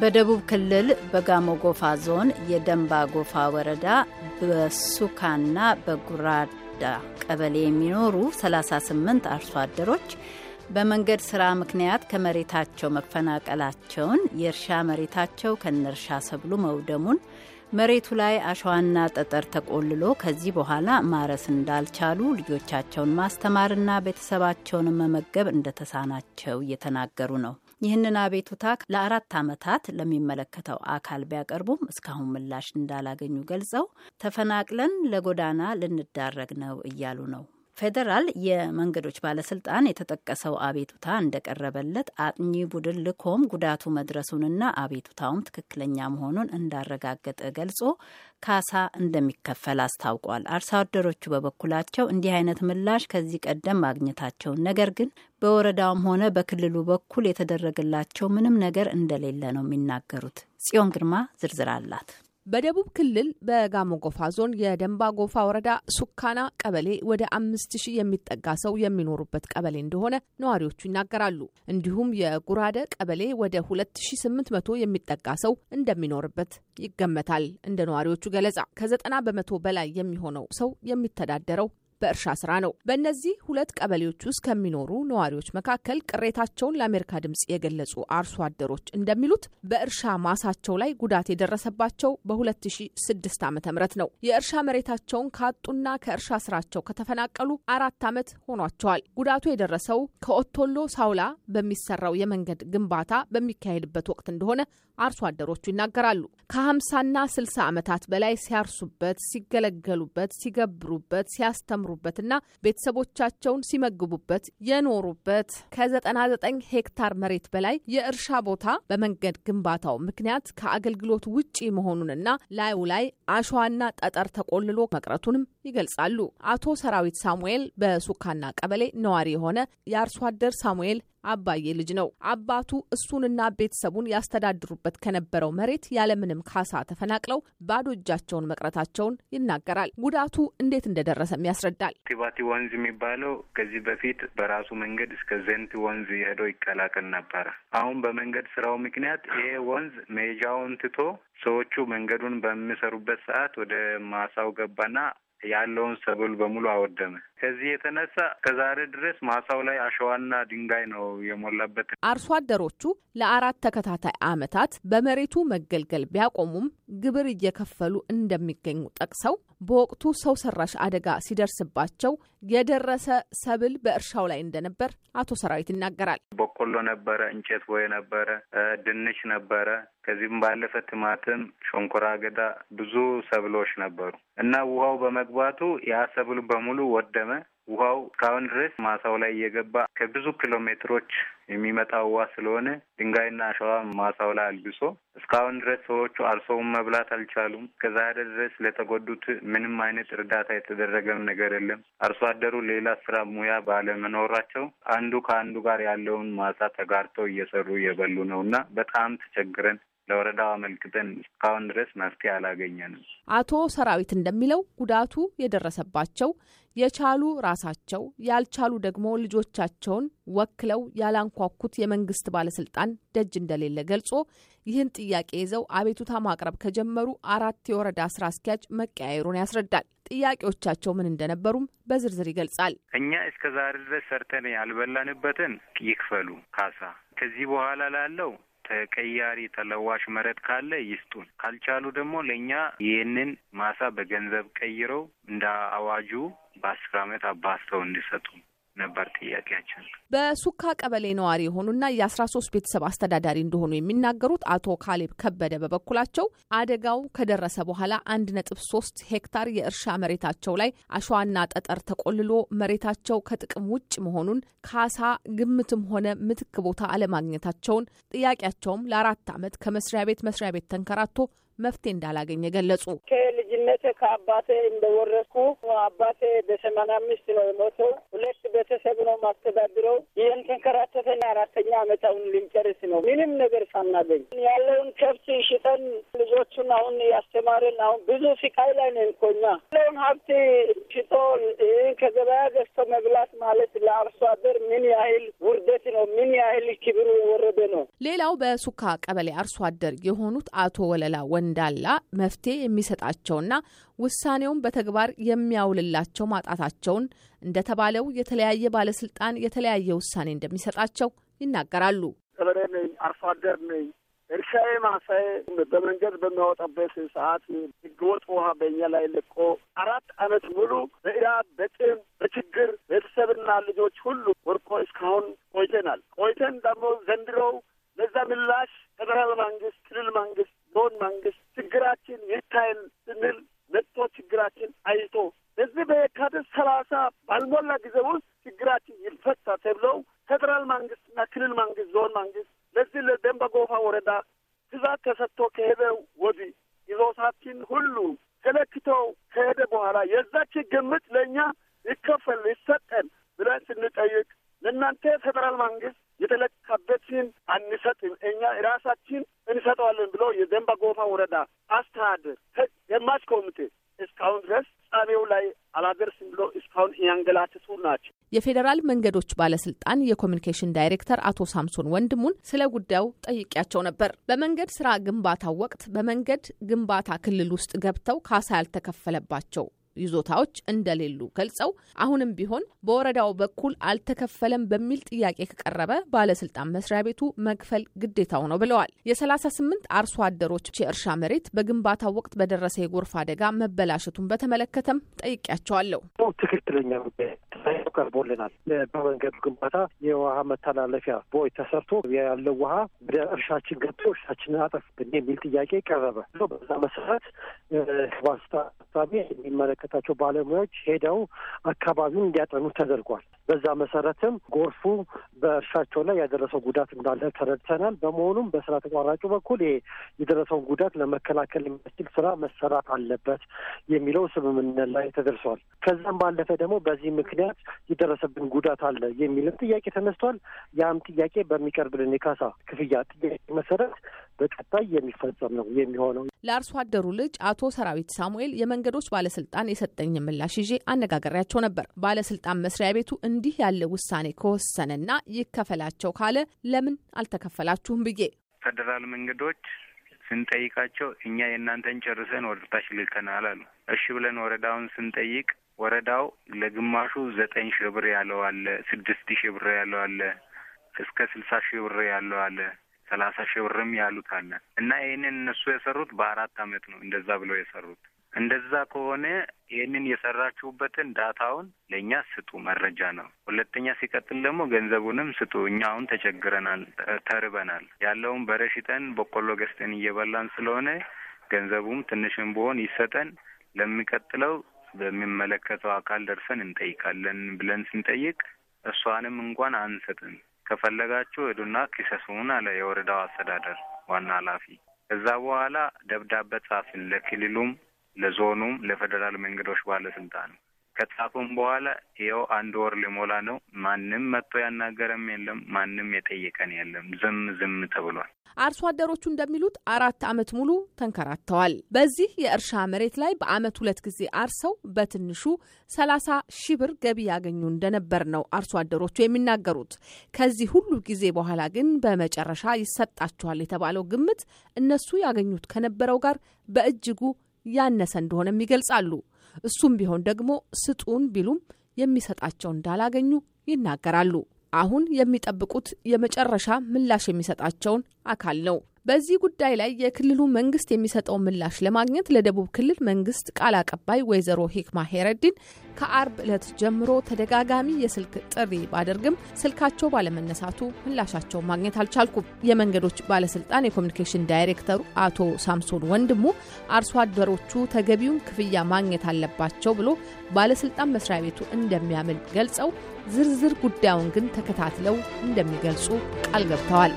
በደቡብ ክልል በጋሞ ጎፋ ዞን የደንባ ጎፋ ወረዳ በሱካና በጉራዳ ቀበሌ የሚኖሩ 38 አርሶ አደሮች በመንገድ ስራ ምክንያት ከመሬታቸው መፈናቀላቸውን፣ የእርሻ መሬታቸው ከነርሻ ሰብሉ መውደሙን፣ መሬቱ ላይ አሸዋና ጠጠር ተቆልሎ ከዚህ በኋላ ማረስ እንዳልቻሉ፣ ልጆቻቸውን ማስተማርና ቤተሰባቸውን መመገብ እንደተሳናቸው እየተናገሩ ነው። ይህንን አቤቱታ ለአራት ዓመታት ለሚመለከተው አካል ቢያቀርቡም እስካሁን ምላሽ እንዳላገኙ ገልጸው ተፈናቅለን ለጎዳና ልንዳረግ ነው እያሉ ነው። ፌዴራል የመንገዶች ባለስልጣን የተጠቀሰው አቤቱታ እንደቀረበለት አጥኚ ቡድን ልኮም ጉዳቱ መድረሱንና አቤቱታውም ትክክለኛ መሆኑን እንዳረጋገጠ ገልጾ ካሳ እንደሚከፈል አስታውቋል። አርሶ አደሮቹ በበኩላቸው እንዲህ አይነት ምላሽ ከዚህ ቀደም ማግኘታቸውን፣ ነገር ግን በወረዳውም ሆነ በክልሉ በኩል የተደረገላቸው ምንም ነገር እንደሌለ ነው የሚናገሩት። ጽዮን ግርማ ዝርዝር አላት። በደቡብ ክልል በጋሞ ጎፋ ዞን የደንባ ጎፋ ወረዳ ሱካና ቀበሌ ወደ አምስት ሺህ የሚጠጋ ሰው የሚኖሩበት ቀበሌ እንደሆነ ነዋሪዎቹ ይናገራሉ። እንዲሁም የጉራደ ቀበሌ ወደ ሁለት ሺህ ስምንት መቶ የሚጠጋ ሰው እንደሚኖርበት ይገመታል። እንደ ነዋሪዎቹ ገለጻ ከዘጠና በመቶ በላይ የሚሆነው ሰው የሚተዳደረው በእርሻ ስራ ነው። በእነዚህ ሁለት ቀበሌዎች ውስጥ ከሚኖሩ ነዋሪዎች መካከል ቅሬታቸውን ለአሜሪካ ድምጽ የገለጹ አርሶ አደሮች እንደሚሉት በእርሻ ማሳቸው ላይ ጉዳት የደረሰባቸው በ2006 ዓ ም ነው። የእርሻ መሬታቸውን ካጡና ከእርሻ ስራቸው ከተፈናቀሉ አራት ዓመት ሆኗቸዋል። ጉዳቱ የደረሰው ከኦቶሎ ሳውላ በሚሰራው የመንገድ ግንባታ በሚካሄድበት ወቅት እንደሆነ አርሶ አደሮቹ ይናገራሉ። ከ50ና 60 ዓመታት በላይ ሲያርሱበት፣ ሲገለገሉበት፣ ሲገብሩበት፣ ሲያስተምሩ ሲያምሩበትና ቤተሰቦቻቸውን ሲመግቡበት የኖሩበት ከ99 ሄክታር መሬት በላይ የእርሻ ቦታ በመንገድ ግንባታው ምክንያት ከአገልግሎት ውጪ መሆኑንና ላዩ ላይ አሸዋና ጠጠር ተቆልሎ መቅረቱንም ይገልጻሉ። አቶ ሰራዊት ሳሙኤል በሱካና ቀበሌ ነዋሪ የሆነ የአርሶ አደር ሳሙኤል አባዬ ልጅ ነው። አባቱ እሱንና ቤተሰቡን ያስተዳድሩበት ከነበረው መሬት ያለምንም ካሳ ተፈናቅለው ባዶ እጃቸውን መቅረታቸውን ይናገራል። ጉዳቱ እንዴት እንደደረሰም ያስረዳል። ቲባቲ ወንዝ የሚባለው ከዚህ በፊት በራሱ መንገድ እስከ ዘንቲ ወንዝ ሄዶ ይቀላቀል ነበረ። አሁን በመንገድ ስራው ምክንያት ይሄ ወንዝ ሜጃውን ትቶ ሰዎቹ መንገዱን በሚሰሩበት ሰዓት ወደ ማሳው ገባና ያለውን ሰብል በሙሉ አወደመ። ከዚህ የተነሳ ከዛሬ ድረስ ማሳው ላይ አሸዋና ድንጋይ ነው የሞላበት። አርሶ አደሮቹ ለአራት ተከታታይ ዓመታት በመሬቱ መገልገል ቢያቆሙም ግብር እየከፈሉ እንደሚገኙ ጠቅሰው በወቅቱ ሰው ሰራሽ አደጋ ሲደርስባቸው የደረሰ ሰብል በእርሻው ላይ እንደነበር አቶ ሰራዊት ይናገራል። በቆሎ ነበረ፣ እንጨት ቦይ ነበረ፣ ድንች ነበረ። ከዚህም ባለፈ ቲማቲም፣ ሸንኮራ አገዳ፣ ብዙ ሰብሎች ነበሩ እና ውሃው በመግባቱ ያ ሰብሉ በሙሉ ወደመ። ውሃው እስካሁን ድረስ ማሳው ላይ እየገባ ከብዙ ኪሎ ሜትሮች የሚመጣ ውሃ ስለሆነ ድንጋይና አሸዋ ማሳው ላይ አልብሶ እስካሁን ድረስ ሰዎቹ አርሰውን መብላት አልቻሉም። ከዛሬ ድረስ ለተጎዱት ምንም አይነት እርዳታ የተደረገም ነገር የለም። አርሶ አደሩ ሌላ ስራ ሙያ ባለመኖራቸው አንዱ ከአንዱ ጋር ያለውን ማሳ ተጋርተው እየሰሩ እየበሉ ነው እና በጣም ተቸግረን ለወረዳው አመልክተን እስካሁን ድረስ መፍትሄ አላገኘንም። አቶ ሰራዊት እንደሚለው ጉዳቱ የደረሰባቸው የቻሉ ራሳቸው ያልቻሉ ደግሞ ልጆቻቸውን ወክለው ያላንኳኩት የመንግስት ባለስልጣን ደጅ እንደሌለ ገልጾ ይህን ጥያቄ ይዘው አቤቱታ ማቅረብ ከጀመሩ አራት የወረዳ ስራ አስኪያጅ መቀያየሩን ያስረዳል። ጥያቄዎቻቸው ምን እንደነበሩም በዝርዝር ይገልጻል። እኛ እስከ ዛሬ ድረስ ሰርተን ያልበላንበትን ይክፈሉ ካሳ ከዚህ በኋላ ላለው ተቀያሪ ተለዋሽ መሬት ካለ ይስጡን፣ ካልቻሉ ደግሞ ለእኛ ይህንን ማሳ በገንዘብ ቀይረው እንደ አዋጁ በአስር አመት አባስተው እንዲሰጡ ነበር ጥያቄያችን። በሱካ ቀበሌ ነዋሪ የሆኑና የአስራ ሶስት ቤተሰብ አስተዳዳሪ እንደሆኑ የሚናገሩት አቶ ካሌብ ከበደ በበኩላቸው አደጋው ከደረሰ በኋላ አንድ ነጥብ ሶስት ሄክታር የእርሻ መሬታቸው ላይ አሸዋና ጠጠር ተቆልሎ መሬታቸው ከጥቅም ውጭ መሆኑን ካሳ ግምትም ሆነ ምትክ ቦታ አለማግኘታቸውን ጥያቄያቸውም ለአራት ዓመት ከመስሪያ ቤት መስሪያ ቤት ተንከራቶ መፍትሄ እንዳላገኘ ገለጹ። ከልጅነቴ ከአባቴ እንደወረስኩ አባቴ በሰማንያ አምስት ነው የሞተው። ሁለት ቤተሰብ ነው ማስተዳድረው። ይህን ተንከራተተን አራተኛ ዓመታውን ልንጨርስ ነው ምንም ነገር ሳናገኝ ያለውን ከብት ሽጠን ልጆቹን አሁን ያስተማርን አሁን ብዙ ስቃይ ላይ ነን እኮ እኛ። ያለውን ሀብት ሽጦ ይህን ከገበያ ገዝቶ መብላት ማለት ለአርሶ አደር ምን ያህል ውርደት ነው፣ ምን ያህል ክብሩ የወረደ ነው። ሌላው በሱካ ቀበሌ አርሶ አደር የሆኑት አቶ ወለላ ወን እንዳላ መፍትሄ የሚሰጣቸውና ውሳኔውን በተግባር የሚያውልላቸው ማጣታቸውን እንደተባለው የተለያየ ባለስልጣን የተለያየ ውሳኔ እንደሚሰጣቸው ይናገራሉ። ገበሬ ነኝ፣ አርሶ አደር ነኝ። እርሻዬ ማሳዬ በመንገድ በሚያወጣበት ሰዓት ህገወጥ ውሃ በእኛ ላይ ልቆ አራት አመት ሙሉ በኢራብ በጥም በችግር ቤተሰብና ልጆች ሁሉ ወርቆ እስካሁን ቆይተናል። ቆይተን ደግሞ ዘንድሮው በተሟላ ጊዜ ውስጥ ችግራችን ይፈታ ተብለው ፌዴራል መንግስትና ክልል መንግስት፣ ዞን መንግስት ለዚህ ለደንበ ጎፋ ወረዳ ትእዛዝ ተሰጥቶ ከሄደ ወዲህ ይዞታችን ሁሉ ተለክተው ከሄደ በኋላ የዛች ግምት ለእኛ ይከፈል ይሰጠን ብለን ስንጠይቅ ለእናንተ ፌዴራል መንግስት የተለካበትን አንሰጥም እኛ ራሳችን እንሰጠዋለን ብሎ የደንበ ጎፋ ወረዳ አስተዳደር የማች ኮሚቴ እስካሁን ድረስ ጻቤው ላይ አላደርስ ሁኔታውን ያንገላትቱ ናቸው። የፌዴራል መንገዶች ባለስልጣን የኮሚኒኬሽን ዳይሬክተር አቶ ሳምሶን ወንድሙን ስለ ጉዳዩ ጠይቄያቸው ነበር። በመንገድ ስራ ግንባታው ወቅት በመንገድ ግንባታ ክልል ውስጥ ገብተው ካሳ ያልተከፈለባቸው ይዞታዎች እንደሌሉ ገልጸው አሁንም ቢሆን በወረዳው በኩል አልተከፈለም በሚል ጥያቄ ከቀረበ ባለስልጣን መስሪያ ቤቱ መክፈል ግዴታው ነው ብለዋል። የ38 አርሶ አደሮች የእርሻ መሬት በግንባታው ወቅት በደረሰ የጎርፍ አደጋ መበላሸቱን በተመለከተም ጠይቄያቸዋለሁ። ትክክለኛ ጉዳይ ቀርቦልናል። በመንገዱ ግንባታ የውሃ መተላለፊያ ቦይ ተሰርቶ ያለው ውሃ ወደ እርሻችን ገብቶ እርሻችንን አጠፍብን የሚል ጥያቄ ቀረበ። በዛ መሰረት ባስታ የሚመለከታቸው ባለሙያዎች ሄደው አካባቢውን እንዲያጠኑ ተደርጓል። በዛ መሰረትም ጎርፉ በእርሻቸው ላይ ያደረሰው ጉዳት እንዳለ ተረድተናል። በመሆኑም በስራ ተቋራጩ በኩል ይሄ የደረሰውን ጉዳት ለመከላከል የሚያስችል ስራ መሰራት አለበት የሚለው ስምምነት ላይ ተደርሷል። ከዛም ባለፈ ደግሞ በዚህ ምክንያት የደረሰብን ጉዳት አለ የሚልም ጥያቄ ተነስቷል። ያም ጥያቄ በሚቀርብልን የካሳ ክፍያ ጥያቄ መሰረት በቀጣይ የሚፈጸም ነው የሚሆነው። ለአርሶ አደሩ ልጅ አቶ ሰራዊት ሳሙኤል የመንገዶች ባለስልጣን የሰጠኝ ምላሽ ይዤ አነጋገሪያቸው ነበር። ባለስልጣን መስሪያ ቤቱ እንዲህ ያለ ውሳኔ ከወሰነና ይከፈላቸው ካለ ለምን አልተከፈላችሁም ብዬ ፌደራል መንገዶች ስንጠይቃቸው እኛ የእናንተን ጨርሰን ወደታች ልከናል አሉ። እሺ ብለን ወረዳውን ስንጠይቅ ወረዳው ለግማሹ ዘጠኝ ሺህ ብር ያለው አለ፣ ስድስት ሺህ ብር ያለው አለ፣ እስከ ስልሳ ሺህ ብር ያለው አለ፣ ሰላሳ ሺህ ብርም ያሉት አለ እና ይህንን እነሱ የሰሩት በአራት አመት ነው እንደዛ ብለው የሰሩት። እንደዛ ከሆነ ይህንን የሰራችሁበትን ዳታውን ለእኛ ስጡ፣ መረጃ ነው። ሁለተኛ ሲቀጥል ደግሞ ገንዘቡንም ስጡ። እኛ አሁን ተቸግረናል፣ ተርበናል። ያለውን በረሽጠን በቆሎ ገዝተን እየበላን ስለሆነ ገንዘቡም ትንሽም ቢሆን ይሰጠን። ለሚቀጥለው በሚመለከተው አካል ደርሰን እንጠይቃለን ብለን ስንጠይቅ እሷንም እንኳን አንሰጥም ከፈለጋችሁ እዱና ክሰሱን አለ የወረዳው አስተዳደር ዋና ኃላፊ። ከዛ በኋላ ደብዳቤ ጻፍን ለክልሉም፣ ለዞኑም፣ ለፌዴራል መንገዶች ባለስልጣን ከጻፉም በኋላ ይኸው አንድ ወር ሊሞላ ነው። ማንም መጥቶ ያናገረም የለም፣ ማንም የጠየቀን የለም። ዝም ዝም ተብሏል። አርሶ አደሮቹ እንደሚሉት አራት ዓመት ሙሉ ተንከራተዋል። በዚህ የእርሻ መሬት ላይ በዓመት ሁለት ጊዜ አርሰው በትንሹ 30 ሺህ ብር ገቢ ያገኙ እንደነበር ነው አርሶ አደሮቹ የሚናገሩት። ከዚህ ሁሉ ጊዜ በኋላ ግን በመጨረሻ ይሰጣቸዋል የተባለው ግምት እነሱ ያገኙት ከነበረው ጋር በእጅጉ ያነሰ እንደሆነም ይገልጻሉ። እሱም ቢሆን ደግሞ ስጡን ቢሉም የሚሰጣቸው እንዳላገኙ ይናገራሉ። አሁን የሚጠብቁት የመጨረሻ ምላሽ የሚሰጣቸውን አካል ነው። በዚህ ጉዳይ ላይ የክልሉ መንግስት የሚሰጠው ምላሽ ለማግኘት ለደቡብ ክልል መንግስት ቃል አቀባይ ወይዘሮ ሂክማ ሄረዲን ከአርብ ዕለት ጀምሮ ተደጋጋሚ የስልክ ጥሪ ባደርግም ስልካቸው ባለመነሳቱ ምላሻቸው ማግኘት አልቻልኩም። የመንገዶች ባለስልጣን የኮሚኒኬሽን ዳይሬክተሩ አቶ ሳምሶን ወንድሙ አርሶ አደሮቹ ተገቢውን ክፍያ ማግኘት አለባቸው ብሎ ባለስልጣን መስሪያ ቤቱ እንደሚያምን ገልጸው ዝርዝር ጉዳዩን ግን ተከታትለው እንደሚገልጹ ቃል ገብተዋል።